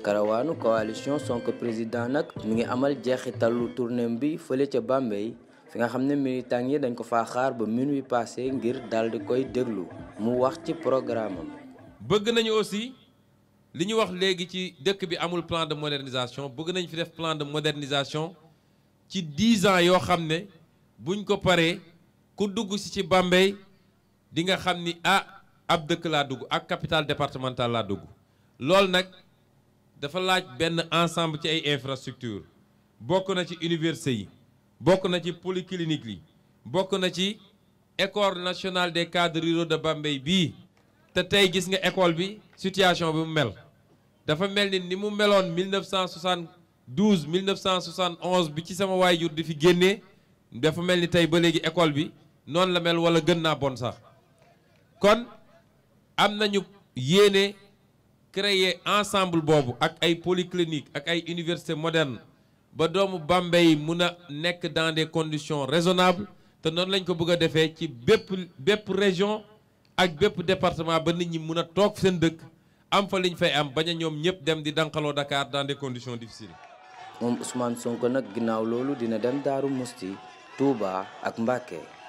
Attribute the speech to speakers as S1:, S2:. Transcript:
S1: karawaanu coalition Sonko président nag mi ngi amal jeexitalu tournéem bi fële ca Bambey fi nga xam ne militant yi dañ ko faa xaar ba minuit passé ngir daal di koy déglu mu wax ci programme am.
S2: bëgg nañu aussi li ñu wax léegi ci dëkk bi amul plan de modernisation bëgg nañ fi def plan de modernisation ci 10 ans yoo xam ne buñ ko paree ku dugg si ci Bambey di nga xam ni ah ab dëkk laa dugg ak capital départementale laa dugg loolu nag. dafa laaj benn ensemble ci ay infrastructure bokk na ci université yi bokk na ci polyclinique yi bokk na ci école nationale des cadres ruraux de Bambey bii te tey gis nga école bi situation bi mu mel dafa mel ni ni mu meloon 1972 1971 bi ci sama waay jur di fi génnee dafa mel ni tey ba léegi école bi noonu la mel wala gën naa bon sax kon am nañu yéene créer ensemble boobu ak ay polyclinique ak ay université moderne ba doomu Bambey mun a nekk dans des conditions raisonnables te noonu lañ ko bëgg a defee ci bépp bépp région ak bépp departement ba nit ñi mun a toog seen dëkk am fa liñ fay am bañ a ñoom ñëpp dem di dankaloo Dakar dans des conditions difficiles.
S1: moom Ousmane Sonko nag ginnaaw loolu dina dem Daaru Musti Touba ak Mbacké.